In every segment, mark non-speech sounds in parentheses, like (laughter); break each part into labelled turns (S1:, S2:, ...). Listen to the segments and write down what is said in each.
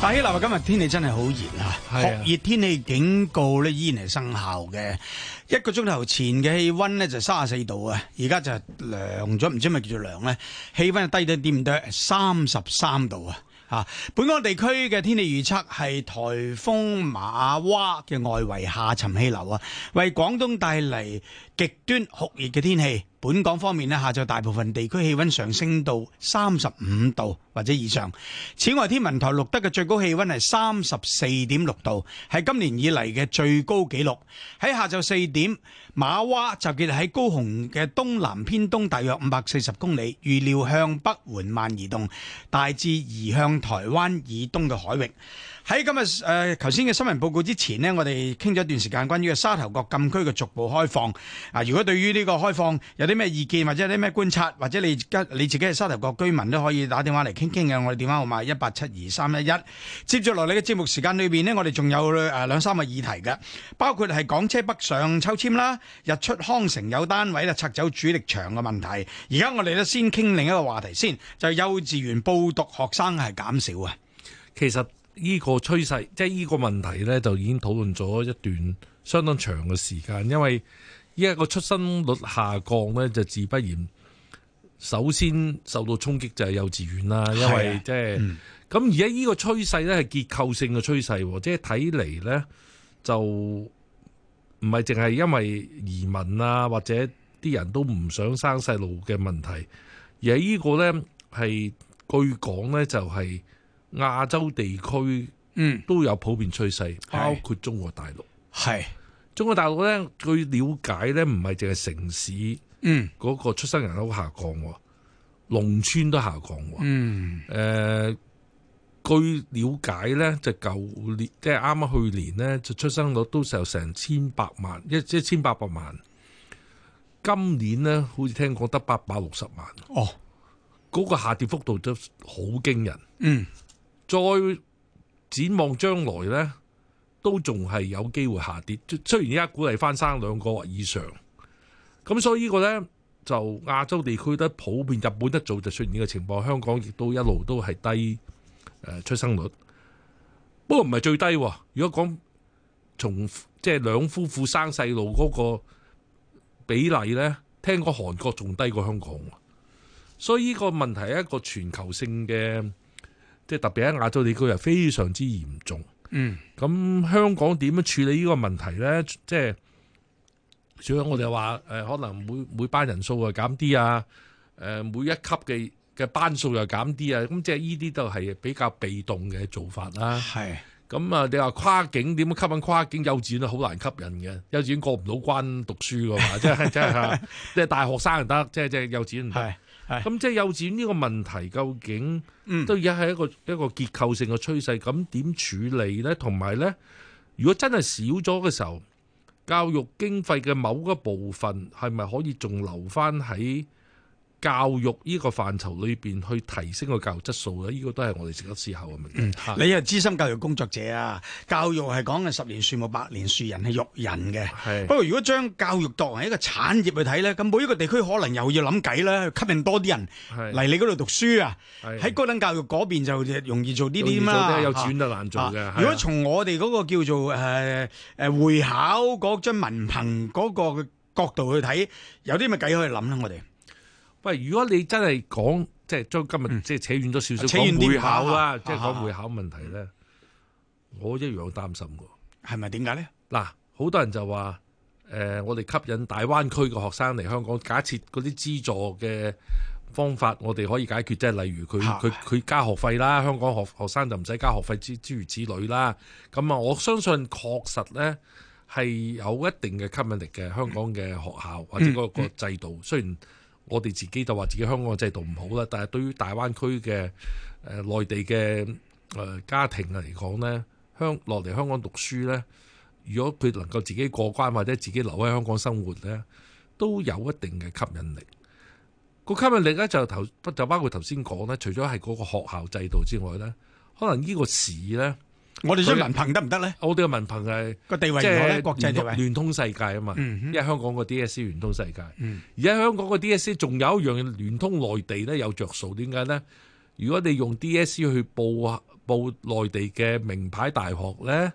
S1: 大氣流啊！今日天氣真係好熱啊，酷熱天氣警告咧依然係生效嘅。一個鐘頭前嘅氣溫咧就三十四度啊，而家就係涼咗，唔知咪叫做涼咧？氣溫低咗點多？三十三度啊！吓，本港地區嘅天氣預測係台風瑪娃嘅外圍下沉氣流啊，為廣東帶嚟極端酷熱嘅天氣。本港方面呢，下晝大部分地區氣温上升到三十五度或者以上。此外，天文台錄得嘅最高氣温係三十四點六度，係今年以嚟嘅最高紀錄。喺下晝四點，馬娃集結喺高雄嘅東南偏東，大約五百四十公里，預料向北緩慢移動，大致移向台灣以東嘅海域。喺今日誒，頭先嘅新聞報告之前呢，我哋傾咗一段時間關於沙頭角禁區嘅逐步開放。啊，如果對於呢個開放有啲咩意見，或者有啲咩觀察，或者你家你自己係沙頭角居民都可以打電話嚟傾傾嘅。我哋電話號碼一八七二三一一。接住落嚟嘅節目時間裏邊呢，我哋仲有誒兩三個議題嘅，包括係港車北上抽籤啦、日出康城有單位咧拆走主力場嘅問題。而家
S2: 我哋咧先傾另一個話題先，就係幼稚園報讀學生係減少啊。其實。呢個趨勢，即係呢個問題呢，就已經討論咗一段相當長嘅時間。因為依家個出生率下降呢，就自不然。首先受到衝擊就係幼稚園啦，因為即係咁而家呢個趨勢呢，係結構性嘅趨勢，即係睇嚟呢，就唔係淨係因為移民啊或者啲人都唔想生細路嘅問題，而係呢個呢，係據講呢、就係，就係。亞洲地區嗯都有普遍趨勢，嗯、包括中國大陸，係中國大陸咧。據了解咧，唔係淨係城市嗯嗰個出生人口下降，農村都下降。嗯誒，據了解咧，就舊年即係啱啱去年咧，就是、剛剛出生率都時候成千百萬一一千八百萬。今年咧，好似聽講得八百六十萬哦，嗰個下跌幅度都好驚人嗯。再展望將來呢，都仲係有機會下跌。雖然依家鼓勵翻生兩個以上，咁所以呢個呢，就亞洲地區都普遍，日本一早就出現呢個情況，香港亦都一路都係低出生率。不過唔係最低，如果講從即係、就是、兩夫婦生細路嗰個比例呢，聽講韓國仲低過香港，所以呢個問題係一個全球性嘅。即係特別喺亞洲地區又非常之嚴重。嗯，咁香港點樣處理呢個問題咧？即係，主要我哋話誒，可能每每班人數又減啲啊，誒，每一級嘅嘅班數又減啲啊。咁即係呢啲都係比較被動嘅做法啦。係。咁啊，你話跨境點樣吸引跨境幼稚園咧？好難吸引嘅，幼稚園過唔到關讀書嘅嘛， (laughs) 即係即係即係大學生又得，即係即係幼稚園。係。咁即係幼稚園呢個問題，究竟都而家係一個一個結構性嘅趨勢，咁點處理呢？同埋呢，如果真係少咗嘅時候，教育經費嘅某一部分係咪可以仲留返喺？教育呢個範疇裏面去提升個教育質素咧，呢、呢個都係我哋值得思考嘅問題。
S1: 你係資深教育工作者啊，教育係講緊十年樹木百年樹人係育人嘅。是不過如果將教育當為一個產業去睇咧，咁每一個地區可能又要諗計啦，吸引多啲人嚟你嗰度讀書啊。喺高等教育嗰邊就容易做呢啲嘛。幼稚園就難做嘅。如果從我哋嗰個叫做誒誒、呃、會考嗰張文憑嗰個角度去睇，有啲咩計可以諗啦，我哋。
S2: 喂，如果你真係講即係將今日即係扯遠咗少少講會考啦，即係講會考問題呢，嗯、我一樣擔心㗎。係咪點解呢？嗱，好多人就話誒、呃，我哋吸引大灣區嘅學生嚟香港，假設嗰啲資助嘅方法，我哋可以解決，即係例如佢佢佢加學費啦，香港學學生就唔使加學費之之如此類啦。咁啊，我相信確實呢，係有一定嘅吸引力嘅、嗯、香港嘅學校或者嗰個制度，嗯嗯、雖然。我哋自己就話自己香港嘅制度唔好啦，但係對於大灣區嘅內地嘅、呃、家庭嚟講呢，香落嚟香港讀書呢，如果佢能夠自己過關或者自己留喺香港生活呢，都有一定嘅吸引力。個吸引力呢，就頭就包括頭先講呢，除咗係嗰個學校制度之外呢，可能呢個市呢。我哋用文憑得唔得咧？我哋嘅文憑係個地位如何即是國際聯，聯通世界啊嘛，嗯、哼因為香港個 DSE 聯通世界。嗯、而家香港個 DSE 仲有一樣聯通內地咧，有着數。點解咧？如果你用 DSE 去報報內地嘅名牌大學咧，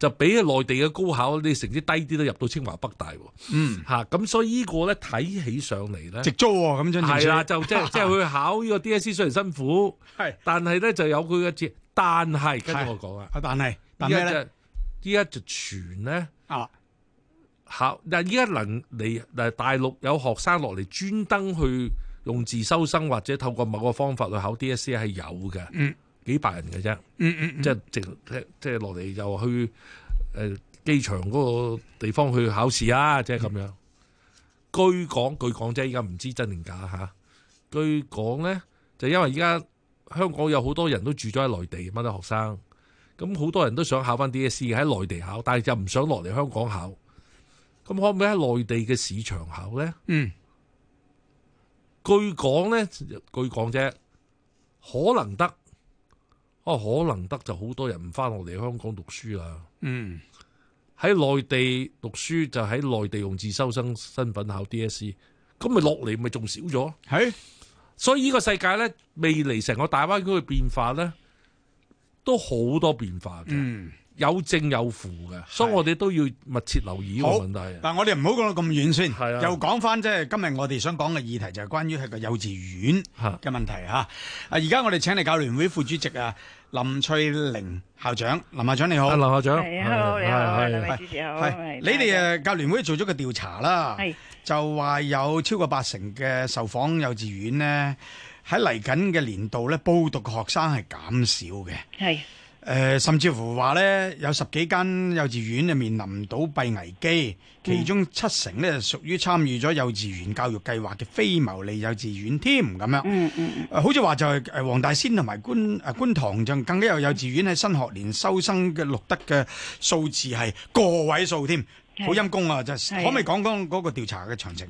S2: 就比內地嘅高考你成績低啲都入到清華北大，哦。嗯、咁、啊、所以個呢個咧睇起上嚟咧，值咗
S1: 喎，哦、咁樣。係啦，就即係即係去
S2: 考呢個 DSE 雖然辛苦， (laughs) 但係咧就有佢嘅折。但係是跟住我講啊，但係依家就依家就傳咧，考，但係依家能嚟，誒，大陸有學生落嚟專登去用自修生或者透過某個方法去考 DSE 係有嘅，嗯，幾百人嘅啫。嗯，嗯嗯，即係直即係落嚟就去誒機、呃、場嗰個地方去考試、就是嗯、啊，即係咁樣。據講據講，即係依家唔知真定假吓。據講咧，就因為依家。香港有好多人都住咗喺內地，乜多學生，咁好多人都想考翻 DSE 喺內地考，但係就唔想落嚟香港考，咁可唔可以喺內地嘅市場考呢？嗯，據講呢，據講啫，可能得，啊可能得就好多人唔翻落嚟香港讀書啦。嗯，喺內地讀書就喺內地用自修生身份考 DSE，咁咪落嚟咪仲少咗？係。所以呢個世界咧，未嚟成個大灣區嘅變化咧，都好多變化嘅。嗯有正有負嘅，是所以我哋都要密切留
S1: 意呢個問題。好，但我哋唔好講到咁遠先，的又講翻即係今日我哋想講嘅議題就係關於係個幼稚園嘅問題嚇。啊的，而家我哋請嚟教聯會副主席啊林翠玲校長，林校長你好。啊，林校長。Hello, 你好，的你好，林副主席好。你哋誒教聯會做咗個調查啦，的就話有超過八成嘅受訪幼稚園呢，喺嚟緊嘅年度咧報讀嘅學生係減少嘅。係。誒、呃，甚至乎話咧有十幾間幼稚園啊面臨倒閉危機，其中七成咧屬於參與咗幼稚園教育計劃嘅非牟利幼稚園添，咁樣，嗯嗯好似話就係誒黃大仙同埋觀誒觀塘就更加有幼稚園喺新學年收生嘅錄得嘅數字係個位數添，好陰公啊！的就可唔可以講講嗰個調查嘅詳情？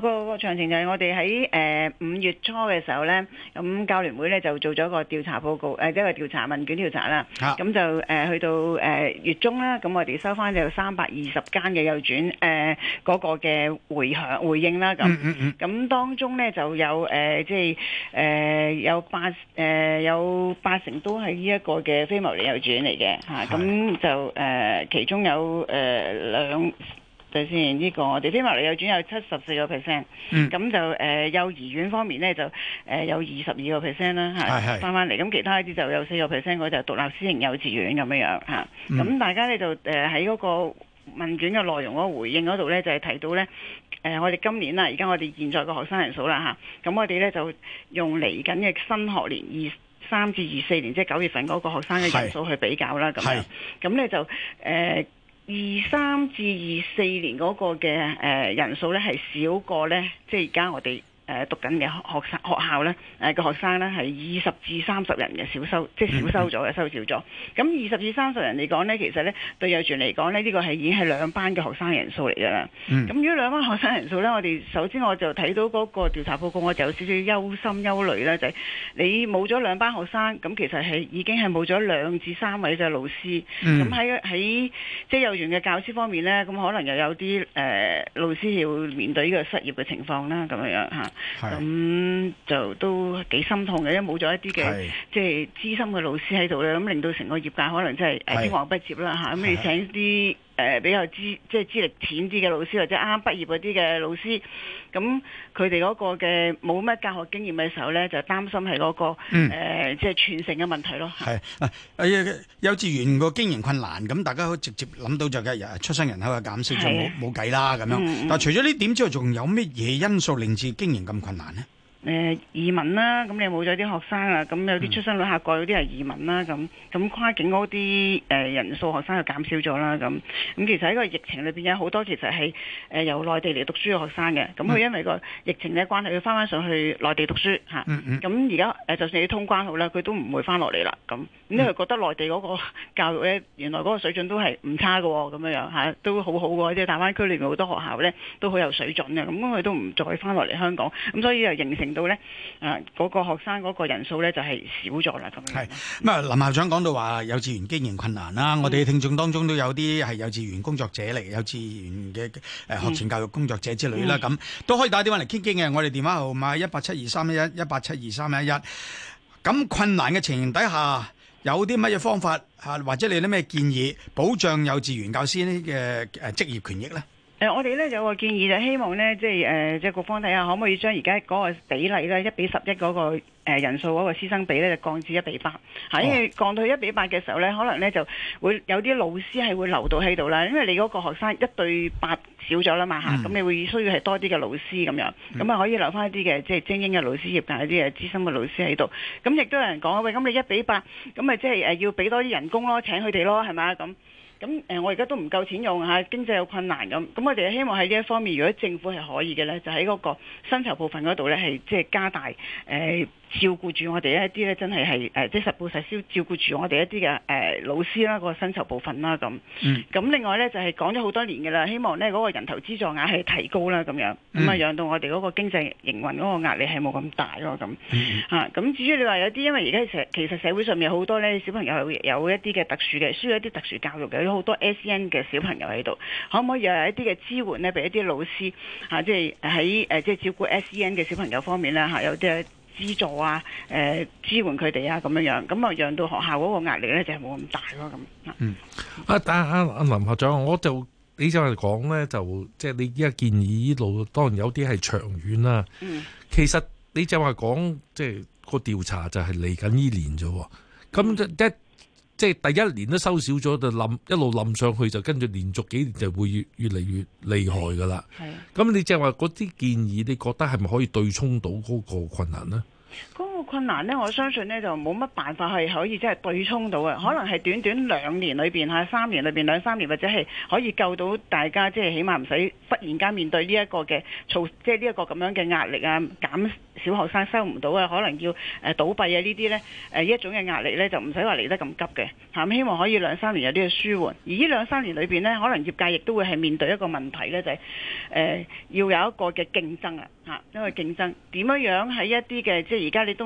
S3: 個個詳情就係我哋喺誒五月初嘅時候咧，咁教聯會咧就做咗個調查報告，即一個調查問卷調查啦。咁、啊、就誒、呃、去到誒、呃、月中啦，咁我哋收翻就有三百二十間嘅幼轉誒嗰、呃那個嘅回響回應啦。咁咁、嗯嗯嗯、當中咧就有誒、呃、即係誒、呃、有八誒、呃、有八成都係呢一個嘅非牟利幼轉嚟嘅嚇，咁的就誒、呃、其中有誒、呃、兩。先呢、這個我哋飛落嚟又轉有七十四個 percent，咁就誒、呃、幼兒園方面咧就誒、呃、有二十二個 percent 啦嚇，翻翻嚟，咁是是 其他啲就有四個 percent 嗰就是，獨立私營幼稚園咁樣樣嚇，咁、啊、大家咧就誒喺嗰個問卷嘅內容嗰回應嗰度咧就係提到咧誒、呃、我哋今年啦，而家我哋現在嘅學生人數啦嚇，咁、啊、我哋咧就用嚟緊嘅新學年二三至二四年即係九月份嗰個學生嘅人數去比較啦咁，咁咧就誒。呃二三至二四年嗰個嘅，誒人數咧，係少過咧，即係而家我哋。誒讀緊嘅學，學、呃、學生學校咧，誒個學生咧係二十至三十人嘅少收，嗯、即係少收咗嘅收少咗。咁二十至三十人嚟講咧，其實咧對幼兒園嚟講咧，呢、這個係已經係兩班嘅學生人數嚟㗎啦。咁如果兩班學生人數咧，我哋首先我就睇到嗰個調查報告，我就有少少憂心憂慮啦，就係、是、你冇咗兩班學生，咁其實係已經係冇咗兩至三位嘅老師。咁喺喺即係幼兒園嘅教師方面咧，咁可能又有啲誒、呃、老師要面對呢個失業嘅情況啦，咁樣樣嚇咁、嗯、就都幾心痛嘅，因為冇咗一啲嘅的即係知心嘅老師喺度咧，咁令到成個業界可能真係青黃不接啦吓，咁你請啲。誒、呃，比較資即係資歷淺啲嘅老師，或者啱啱畢業嗰啲嘅老師，咁佢哋嗰個嘅冇乜教學經驗嘅時候咧，就擔心係嗰、嗰個誒、嗯呃，即係傳承嘅問題咯。
S4: 係、
S1: 啊呃、幼稚幼兒園個經營困難，咁大家可以直接諗到就係出生人口嘅減少，就冇冇計啦咁樣。嗯嗯，但除咗呢點之外，仲有乜嘢因素令至經營咁困難呢？
S3: 誒、嗯、移民啦，咁、嗯、你冇咗啲學生啊，咁有啲出生率下降，有啲係移民啦，咁、嗯、咁跨境嗰啲誒人數學生就減少咗啦，咁、嗯、咁、嗯、其實喺個疫情裏邊有好多其實係誒由內地嚟讀書嘅學生嘅，咁、嗯、佢、嗯、因為個疫情嘅關係，佢翻翻上去內地讀書吓，咁而家誒就算你通關好啦，佢都唔會翻落嚟啦，咁咁因為覺得內地嗰個教育咧，原來嗰個水準都係唔差㗎喎、哦，咁樣樣吓、啊、都好好喎，即係大灣區裏面好多學校咧都好有水準嘅，咁、嗯、佢都唔再翻落嚟香港，咁、嗯、所以又形成。令到咧，誒嗰個學生嗰、那個人數咧就係少
S1: 咗啦，咁樣。係咁啊，林校長講到話幼稚園經營困難啦，嗯、我哋聽眾當中都有啲係幼稚園工作者嚟，幼稚園嘅誒學前教育工作者之類啦，咁、嗯、都可以打電話嚟傾傾嘅。我哋電話號碼，一八七二三一一一八七二三一一。咁困難嘅情形底下，有啲乜嘢方法，或者你有啲咩建議保障幼稚園教師咧嘅職業權益咧？
S3: 誒，我哋咧有個建議就希望咧，即係誒、呃，即係局方睇下可唔可以將而家嗰個比例咧，一比十一嗰個誒、呃、人數嗰個師生比咧，就降至一比八。吓、哦，因為降到一比八嘅時候咧，可能咧就會有啲老師係會留到喺度啦。因為你嗰個學生一對八少咗啦嘛，吓、嗯，咁你會需要係多啲嘅老師咁樣，咁啊、嗯、可以留翻一啲嘅即係精英嘅老師、業界一啲嘅資深嘅老師喺度。咁亦都有人講喂，咁你一比八，咁咪即係誒要俾多啲人工咯，請佢哋咯，係咪咁。咁誒，我而家都唔夠錢用嚇，經濟有困難咁，咁我哋希望喺呢一方面，如果政府係可以嘅咧，就喺嗰個薪酬部分嗰度咧，係即係加大、欸照顧住我哋一啲咧，真係係誒即係實報實銷照顧住我哋一啲嘅誒老師啦，個薪酬部分啦咁。咁、嗯、另外咧就係、係、講咗好多年嘅啦，希望咧嗰、嗰個人頭資助額係提高啦咁樣。咁啊、嗯，讓到我哋嗰個經濟營運嗰個壓力係冇咁大咯咁。嗯。咁、啊、至於你話有啲，因為而家社其實社會上面好多咧，小朋友有一啲嘅特殊嘅，需要有一啲特殊教育嘅，有好多 S E N 嘅小朋友喺度，可唔可以有一啲嘅支援咧，俾一啲老師嚇、啊，即係喺誒即係照顧 S E N 嘅小朋友方面咧嚇、啊，有啲。資助啊，誒、呃、支援佢哋啊，咁樣樣，咁啊讓到學校嗰個壓力咧就係冇咁大咯、啊、咁。
S2: 嗯，啊，但阿阿林校長，我就你就係講咧，就即係你依家建議依路，當然有啲係長遠啦、啊。嗯，其實你就話講，即係個調查就係嚟緊呢年咗，咁即。嗯。即係第一年都收少咗，就冧一路冧上去，就跟住連續幾年就會越越嚟越厲害㗎啦。咁你即係話嗰啲建議，你覺得係咪可以對沖到嗰個困難呢？
S3: 個困難呢，我相信呢就冇乜辦法係可以即係對沖到嘅，可能係短短兩年裏邊嚇，三年裏邊兩三年或者係可以救到大家，即係起碼唔使忽然間面對呢一個嘅措，即係呢一個咁樣嘅壓力啊，減小學生收唔到啊，可能要誒倒閉啊呢啲咧呢一種嘅壓力呢，就唔使話嚟得咁急嘅嚇，希望可以兩三年有啲嘅舒緩。而呢兩三年裏邊呢，可能業界亦都會係面對一個問題呢，就係誒要有一個嘅競爭啊嚇，因為競爭點樣樣喺一啲嘅即係而家你都。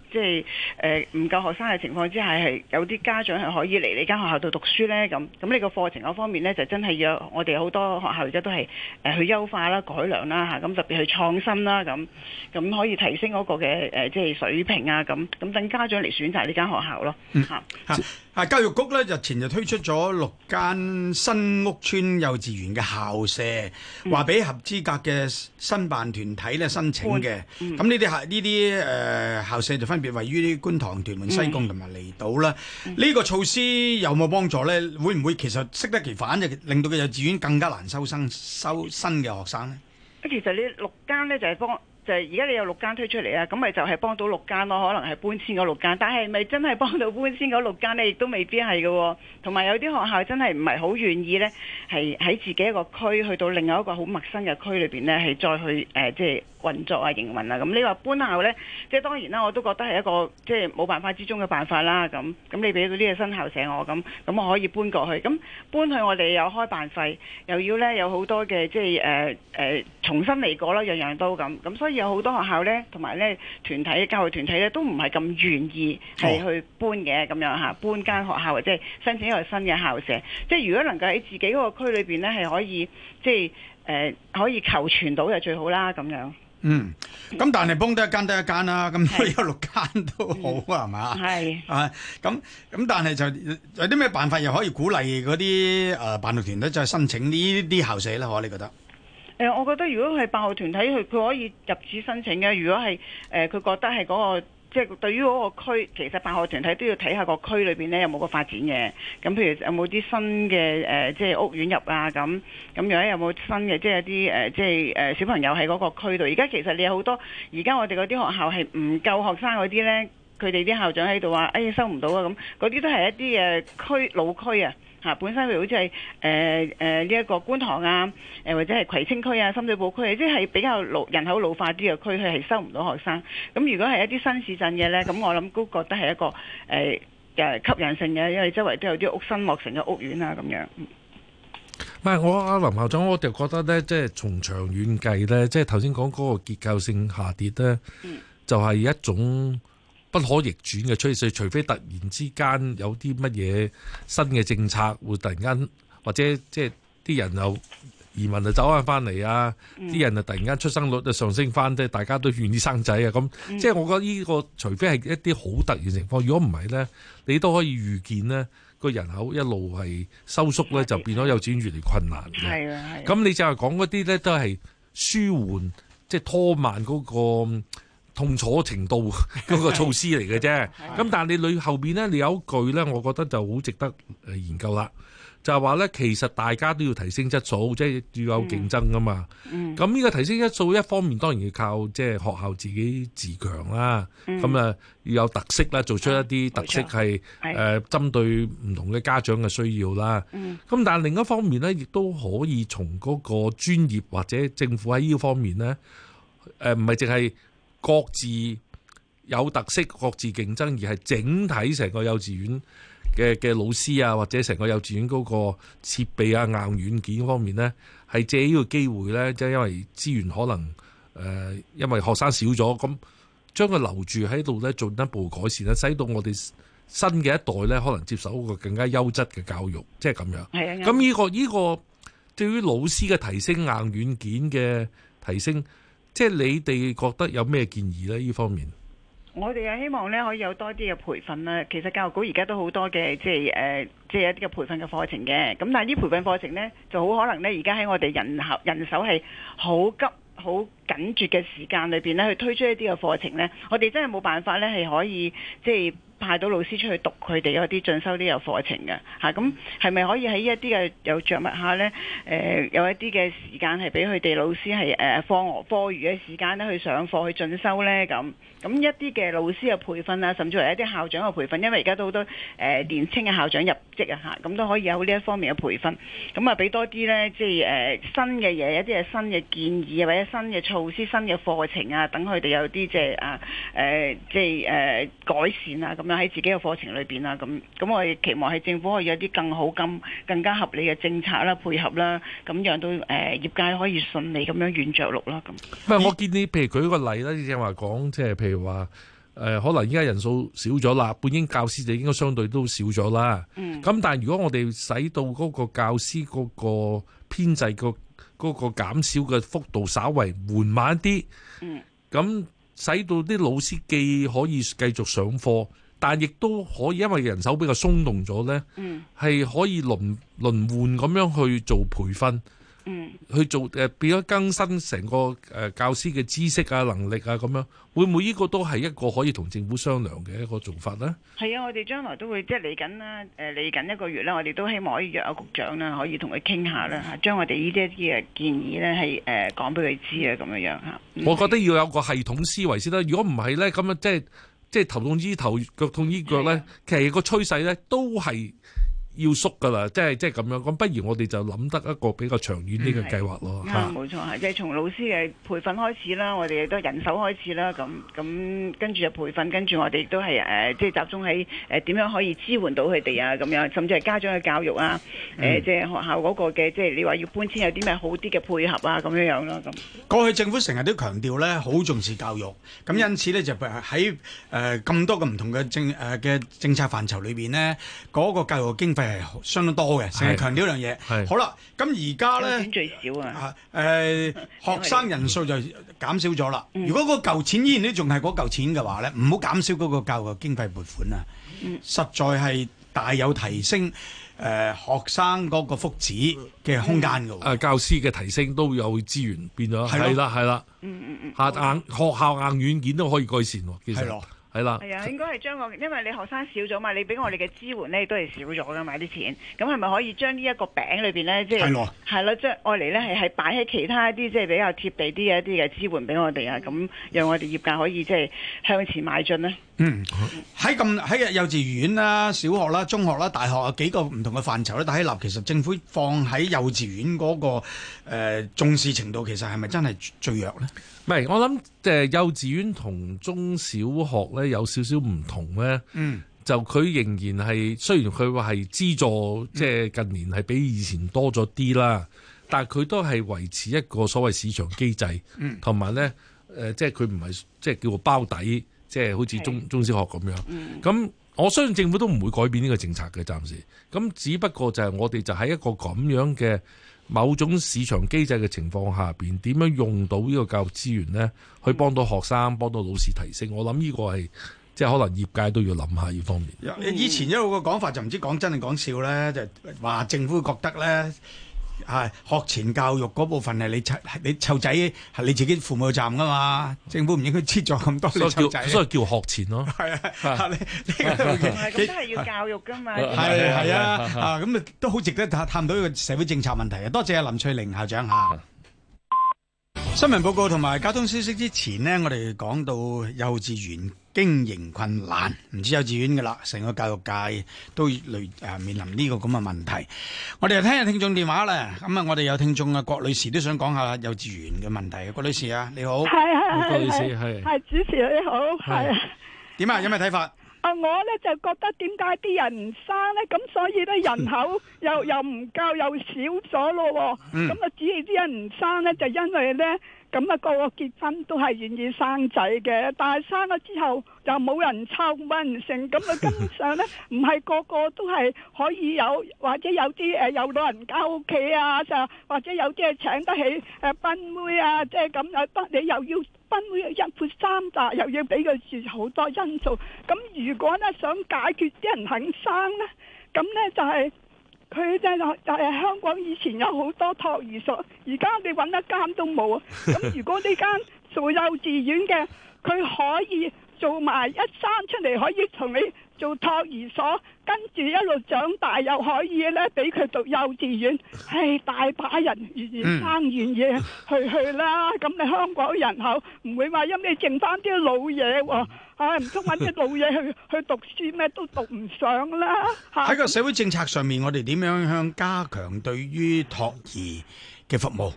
S3: 即係誒唔夠學生嘅情況之下，係有啲家長係可以嚟你間學校度讀書咧。咁咁，你個課程嗰方面咧，就真係要我哋好多學校而家都係誒去優化啦、改良啦吓，咁、啊、特別去創新啦，咁、啊、咁、啊、可以提升嗰個嘅誒、呃、即係水平啊。咁咁等家長嚟選擇呢間學校咯
S1: 吓、嗯、啊，教育局咧日前就推出咗六間新屋邨幼稚園嘅校舍，話俾、嗯、合資格嘅申辦團體咧申請嘅。咁呢啲係呢啲誒校舍就分。特別位於啲觀塘、屯門、西貢同埋離島啦，呢、嗯、個措施有冇幫助咧？會唔會其實適得其反，就令到嘅幼稚園更加難收生、收新嘅學生咧？
S3: 其實呢六間咧就係幫。就係而家你有六間推出嚟啊，咁咪就係幫到六間咯，可能係搬遷嗰六間，但係咪真係幫到搬遷嗰六間呢？亦都未必係嘅喎。同埋有啲學校真係唔係好願意呢，係喺自己一個區去到另外一個好陌生嘅區裏面呢，係再去即係、呃就是、運作啊、營運啊。咁你話搬校呢？即係當然啦，我都覺得係一個即係冇辦法之中嘅辦法啦。咁咁你俾到呢個新校舍我咁，咁我可以搬過去。咁搬去我哋有開辦費，又要呢有好多嘅即係誒誒重新嚟過啦，樣樣都咁。咁所以有好多學校咧，同埋咧團體教育團體咧，都唔係咁願意係去搬嘅咁樣吓，哦、搬間學校或者係申請一個新嘅校舍。即係如果能夠喺自己嗰個區裏邊咧，係可以即係誒、呃、可以求存到就最好啦。咁樣嗯，
S1: 咁但係幫得一間得一間啦，咁有六間都好係嘛？係啊，咁咁但係就有啲咩辦法又可以鼓勵嗰啲誒辦學團咧，就、呃、申請呢啲校舍咧？我你覺得？
S3: 誒，我覺得如果係辦學團體，佢佢可以入紙申請嘅。如果係誒，佢、呃、覺得係嗰、那個，即、就、係、是、對於嗰個區，其實辦學團體都要睇下個區裏邊咧有冇個發展嘅。咁譬如有冇啲新嘅誒、呃，即係屋苑入啊，咁咁，或有冇新嘅，即係一啲誒、呃，即係誒小朋友喺嗰個區度。而家其實你有好多，而家我哋嗰啲學校係唔夠學生嗰啲咧，佢哋啲校長喺度話誒收唔到那些些啊，咁嗰啲都係一啲嘅區老區啊。嚇，本身譬如好似係誒誒呢一個觀塘啊，誒、呃、或者係葵青區啊、深水埗區，即係比較老人口老化啲嘅區，佢係收唔到學生。咁如果係一啲新市鎮嘅咧，咁我諗都覺得係一個誒誒、呃、吸引性嘅，因為周圍都有啲屋新落成嘅屋苑啊，咁樣。
S2: 唔係我阿林校長，我就覺得咧，即係從長遠計咧，即係頭先講嗰個結構性下跌咧，嗯、就係一種不可逆轉嘅趨勢，除非突然之間有啲乜嘢新嘅政策，會突然間或者即係啲人又移民就走翻翻嚟啊！啲、嗯、人就突然間出生率就上升翻，即係大家都願意生仔啊！咁、嗯、即係我覺得呢個，除非係一啲好突然情況，如果唔係咧，你都可以預見咧，個人口一路係收縮咧，就變咗幼稚園越嚟困難嘅。係咁你就係講嗰啲咧，都係舒緩，即係拖慢嗰、那個。痛楚程度嗰 (laughs) 個措施嚟嘅啫，咁，但你裏後面咧，你有一句咧，我覺得就好值得研究啦。就係話咧，其實大家都要提升質素，嗯、即係要有競爭㗎嘛。咁呢、嗯、個提升質素一方面當然要靠即係學校自己自強啦，咁啊、嗯嗯、要有特色啦，做出一啲特色係、呃、針對唔同嘅家長嘅需要啦。咁、嗯、但另一方面咧，亦都可以從嗰個專業或者政府喺呢方面咧，誒唔係淨係。各自有特色，各自競爭，而係整體成個幼稚園嘅嘅老師啊，或者成個幼稚園嗰個設備啊、硬軟件方面呢，係借呢個機會呢，即係因為資源可能誒、呃，因為學生少咗，咁將佢留住喺度呢，進一步改善咧，使到我哋新嘅一代呢，可能接受一個更加優質嘅教育，即係咁樣。係啊，咁呢個呢個對於老師嘅提升、硬軟件嘅提升。即係你哋覺得有咩建議呢？呢方面，
S3: 我哋啊希望呢可以有多啲嘅培訓啦。其實教育局而家都好多嘅，即係誒、呃，即係一啲嘅培訓嘅課程嘅。咁但係呢培訓課程呢，就好可能呢。而家喺我哋人人手係好急好緊絀嘅時間裏邊呢，去推出一啲嘅課程呢。我哋真係冇辦法呢係可以即係。派到老師出去讀佢哋嗰啲進修啲有課程嘅嚇，咁係咪可以喺一啲嘅有著墨下呢？誒、呃，有一啲嘅時間係俾佢哋老師係誒課課餘嘅時間呢去上課去進修呢？咁，咁一啲嘅老師嘅培訓啊，甚至係一啲校長嘅培訓，因為而家都好多誒、呃、年青嘅校長入職啊嚇，咁都可以有呢一方面嘅培訓，咁啊俾多啲呢，即係誒、呃、新嘅嘢，一啲係新嘅建議或者新嘅措施、新嘅課程啊，等佢哋有啲即係啊誒即係誒、呃、改善啊咁。喺自己嘅課程裏邊啦，咁咁我哋期望係政府可以有啲更好、更更加合理嘅政策啦，配合啦，咁樣到誒業界可以順利咁樣軟著陸啦。咁
S2: 唔係我見你，譬如舉一個例啦，正話講，即係譬如話誒，可能依家人數少咗啦，本應教師就應該相對都少咗啦。嗯。咁但係如果我哋使到嗰個教師嗰個編制個嗰個減少嘅幅度稍為緩慢啲，嗯，咁使到啲老師既可以繼續上課。但亦都可以，因為人手比較鬆動咗呢，係、嗯、可以輪輪換咁樣去做培訓，嗯、去做誒變咗更新成個誒、呃、教師嘅知識啊、能力啊咁樣，會唔會呢個都係一個可以同政府商量嘅一個做法呢？
S3: 係啊，我哋將來都會即係嚟緊啦，誒嚟緊一個月啦，我哋都希望可以約阿局長啦，可以同佢傾下啦，將我哋呢啲一啲誒建議呢係誒講俾佢知啊，咁樣樣嚇。
S2: 我覺得要有個系統思維先得，如果唔係呢，咁樣即係。即係頭痛醫頭，腳痛醫腳咧，其實個趨勢咧都係，要縮㗎啦，即係即係咁樣，咁不如我哋就諗得一個比較長遠啲嘅計劃咯嚇。
S3: 冇錯，即係從老師嘅培訓開始啦，我哋亦都係人手開始啦。咁咁跟住就培訓，跟住我哋亦都係誒，即係集中喺誒點樣可以支援到佢哋啊？咁樣甚至係家長嘅教育啊，誒即係學校嗰個嘅，即係你話要搬遷有啲咩好啲嘅配合啊？咁樣樣咯咁。
S1: 過去政府成日都強調咧，好重視教育，咁因此咧就喺誒咁多個唔同嘅政誒嘅政策範疇裏邊咧，嗰個教育經費。誒、欸，相當多嘅，成日強調呢樣嘢。係好啦，咁而家咧，最少啊，誒，學生人數就減少咗啦。嗯、如果個舊錢依然都仲係嗰舊錢嘅話咧，唔好減少嗰個教育經費撥款啊！嗯、實在係大有提升誒、呃，學生嗰個福祉嘅空間噶。誒、嗯，教
S2: 師嘅提升都有資源變咗，係啦的，係啦。嗯嗯嗯，下
S4: 硬
S2: 學，學校硬軟件都可以改善。係咯。係啦，係啊，
S3: 應該係將個，因為你學生少咗嘛，你俾我哋嘅支援咧都係少咗嘅嘛啲錢，咁係咪可以將呢一個餅裏邊咧，即係係咯，係咯，將，愛嚟咧係係擺喺其他一啲即係比較貼地啲嘅一啲嘅支援俾我哋啊，咁讓我哋業界可以即係、就是、向前邁進咧。
S1: 嗯，喺咁喺幼稚園啦、啊、小學啦、啊、中學啦、啊、大學啊幾個唔同嘅範疇咧，但喺立其實政府放喺幼稚園嗰、嗰
S2: 個誒、呃、重視程度，其實係咪真係最弱咧？唔係，我諗誒、呃、幼稚園同中小學咧有少少唔同咧。嗯，就佢仍然係雖然佢話係資助，即、就、係、是、近年係比以前多咗啲啦，嗯、但係佢都係維持一個所謂市場機制。同埋咧誒，即係佢唔係即係叫做包底。即係好似中是中小學咁樣，咁、嗯、我相信政府都唔會改變呢個政策嘅，暫時。咁只不過就係我哋就喺一個咁樣嘅某種市場機制嘅情況下邊，點樣用到呢個教育資源呢？去幫到學生、幫到老師提升。我諗呢個係即係可能業界都要諗下呢方面、
S1: 嗯。以前一路個講法就唔知講真定講笑呢，就話、是、政府覺得呢。係學前教育嗰部分係你你湊仔係你自己父母站噶嘛？政府唔應該資助咁多。湊仔，所以叫學前
S2: 教育。係啊，呢個咁都係要
S1: 教育噶嘛？係係啊，啊咁啊，啊，啊，啊都好值得探探到呢個社會政策問題啊！多謝阿林翠玲校長吓。啊、新聞報告同埋交通消息之前呢，我哋講到幼稚園。經營困難，唔止幼稚園噶啦，成個教育界都累誒、啊、面臨呢個咁嘅問題。我哋又聽下聽眾電話啦。咁啊，我哋有聽眾啊，郭女士都想講下幼稚園嘅問題。郭女士啊，你好，係係係係，
S4: 主持你好，係
S1: 點啊？有咩睇法？
S4: 啊，我咧就覺得點解啲人唔生咧，咁所以咧人口又又唔夠又少咗咯。咁啊，只要啲人唔生咧，就因為咧，咁、那、啊個個結婚都係願意生仔嘅，但係生咗之後就冇人湊，冇人剩，咁啊根本上咧，唔係個個都係可以有，或者有啲誒、呃、有老人家屋企啊，、呃、啊，就或者有啲係請得起誒賓妹啊，即係咁樣，得你又要。分每日一戶三，但又要俾佢住好多因素。咁如果咧想解決啲人肯生咧，咁咧就係佢咧就係，是，香港以前有好多托兒所，而家我哋揾一間都冇。咁如果呢間做幼稚園嘅，佢可以做埋一生出嚟，可以同你。做托兒所，跟住一路長大又可以咧，俾佢讀幼稚園，係、 (laughs) 哎、大把人願意、嗯、生願意去去啦。咁你香港人口唔會話，因為你剩翻啲老嘢喎，唉唔通揾啲老嘢去去讀書咩？都讀唔上啦。喺個 (laughs) 是
S1: 社會政策上面，我哋點樣向加強對於托兒
S2: 嘅服務呢、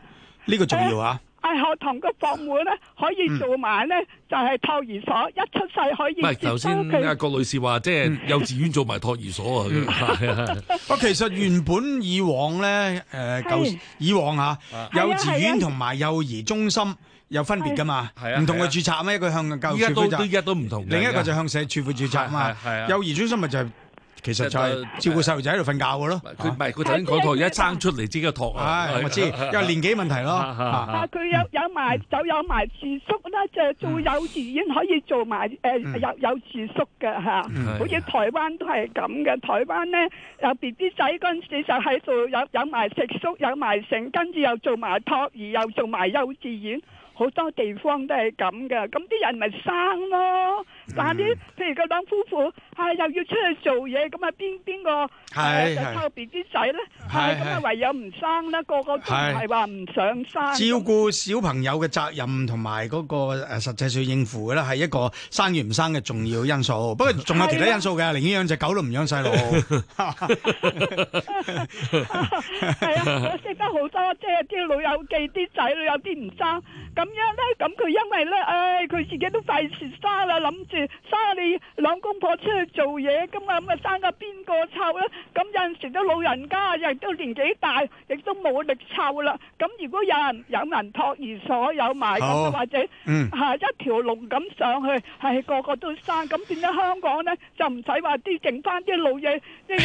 S2: 這個重要啊？哎
S4: 啊，堂個國會咧可以做埋咧，就係托兒所、嗯、一出世可以接收佢。唔係頭先啊，
S2: 郭女士話即係幼稚園做埋托兒所啊。
S1: 我其實原本以往咧，誒、呃、
S2: 舊
S4: 是
S1: 以往嚇幼稚園同埋幼兒中心有分別噶嘛，唔同嘅註冊咩？一個、啊啊、向嘅教育署註
S2: 冊，另一個就是向
S1: 社署負責嘛。啊啊、幼兒中心咪就係、是。其實就係照顧細路仔喺度瞓覺嘅咯，佢唔係個仔嗰託一
S2: 生出嚟自己托。託，我知，因
S1: 為年紀問題咯。但佢
S4: (laughs) 嗯、有有埋就有埋住宿啦，就做幼稚園可以做埋誒、嗯呃、有有住宿嘅嚇，嗯、好似台灣都係咁嘅。台灣咧有 BB 仔嗰陣就喺度有有埋食宿，有埋剩，跟住又做埋托兒，又做埋幼稚園，好多地方都係咁嘅。咁啲人咪生咯。但啲譬如兩夫婦，係又要出去做嘢，咁啊，邊邊個就生個 B B 仔咧？係咁啊，唯有唔生啦。個個都唔係話唔想生。照
S1: 顧小朋友嘅責任同埋嗰個誒實際上應付咧，係一個生與唔生嘅重要因素。不過仲有其他因素嘅，寧願養隻狗都唔養細路。係啊，我
S4: 識得好多，即係啲老友記啲仔女有啲唔生。咁樣咧，咁佢因為咧，誒，佢自己都快蝕沙啦，諗。生下你兩公婆出去做嘢，咁啊咁啊，生個邊個湊咧？咁有陣時都老人家，亦都年紀大，亦都冇力湊啦。咁如果有人有人托兒所有埋咁啊，或者吓一條龍咁上去，係個個都生，咁變咗香港咧就唔使話啲剩翻啲老嘢，整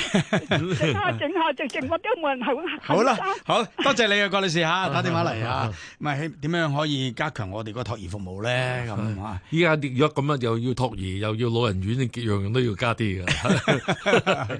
S4: 下整下，剩剩嗰啲冇人係好生。好啦，
S1: 好多謝你啊，郭女士吓打電話嚟啊，咪點樣可以加強我哋個托兒服務咧？咁啊，
S2: 依家如果咁樣就要。托兒又要老人院，樣樣都要加啲㗎。 (laughs) (laughs)